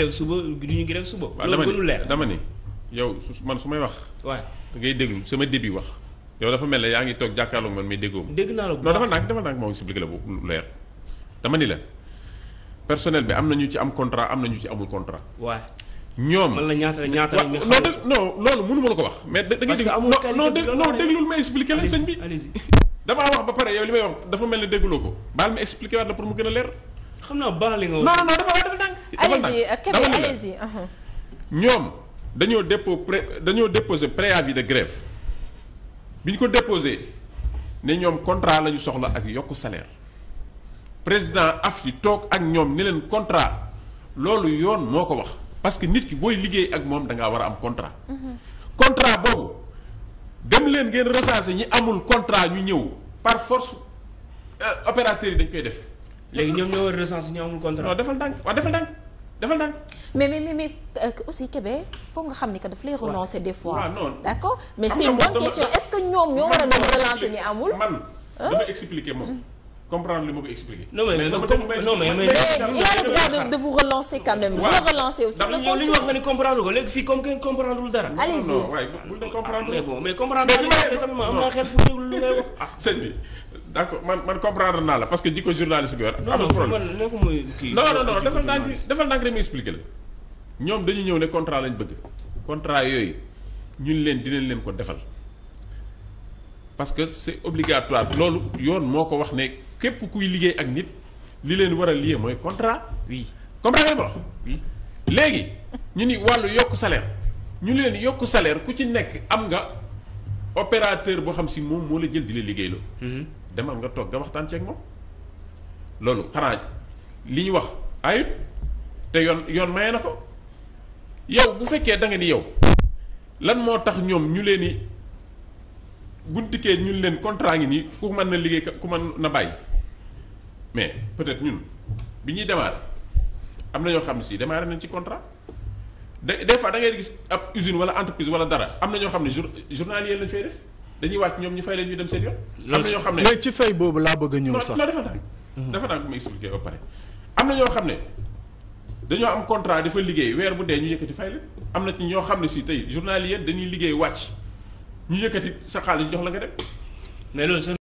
grève suba du ñu grève suba. loolu gënul leer dama ni yow man su may da ngay déglu sama début wax. yow dafa mel ne yaa ngi toog jàkkaarloog man mais la personnel bi am na ñu ci am contrat am na ñu ci amul contrat. waay ñoom man la ñaata ñaata la ñu xam loolu mënu ma la ko wax. mais da ngay dégg non non déglul ma expliqué la sëñ bi. damaa wax ba pare yow li may wax dafa mel ne dégguloo ko baal ma expliqué waat la pour mu gën a leer xam naa baax li nga wax. non non dafa dafa dànk. allez-y euh, Kébé allez-y uh-huh. ñoom dañoo dépo pré dañoo déposé préavis de grève bi ñu ko déposé ne ñoom contrat la ñu soxla ak yokku salaire président af yi toog ak ñoom ne leen contrat loolu yoon moo ko wax parce que nit ki booy liggéey ak moom da ngaa war a am contrat. Uh-huh. contrat boobu dem leen ngeen recenser ñi amul contrat ñu ñëw par force euh, opérateur yi dañ koy def. léegi ñoom ñoo war recenser ñu amul contrat. non defal ndànk waaw defal ndànk defal ndànk. mais mais mais euh, aussi kebe foog nga xam ni que daf lay renoncer des fois. waaw non d'accord mais c'est une question est que ñoom ñoo war a doon relancer ñi amul. man dama expliquer moom. comprendre li ma ko expliquer. non mais mais non mais mais. il a le droit de vous relancer quand même. waaw relancer aussi. li ñu wax nga ni comprendre ko léegi fii comme que comprendre lul dara. allez-y non waay bu bu comprendre. Ah, mais bon mais comprendre naa am naa xel fu déglu lu ngay wax. ah sëñ bi d'accord man man comprendre naa la parce que jikko journaliste bi war. amul problème non non man kii. non non non defal naa ci defal naa ko demee expliquer la. ñoom dañu ñëw ne contrat lañ bëgg contrat yooyu ñun leen dinañ leen ko defal parce que c'est obligatoire loolu yoon moo ko wax ne képp kuy liggéey ak nit li leen waral a mooy contrat. oui comprendre nga oui léegi ñu ni wàllu yokk salaire ñu leen yokk salaire ku ci nekk am nga opérateur boo xam si moom moo la jël di la liggéeyloo. Mhm. demal nga toog nga waxtaan ceeg moom. loolu xanaa li ñu wax ayut te yoon yoon maye na ko yow bu fekkee da nga ni yow lan moo tax ñoom ñu leen di buntikee ñu leen contrat ngi nii ku mën na liggéey ku mën na bàyyi. mais peut-être ñun bi ñuy démarrer am na ñoo xam ne si demaare nañ ci contrat de des fois da ngay gis ab usine wala entreprise wala dara am na ñoo xam ne jour journalier lañ fay def dañuy wàcc ñoom ñu fay leen dem seen yoon. am na ñoo xam ne mais ci fay boobu laa bëgg a ñëw sax non dafa tànk. Mhm. dafa tànk bu ma expliqué ba pare am na ñoo xam ne dañoo am contrat dafa liggéey weer bu dee ñu yëkkati fay leen am na ci ñoo xam ne si tey journalier dañuy liggéey wàcc ñu yëkkati sa xaalis jox la nga dem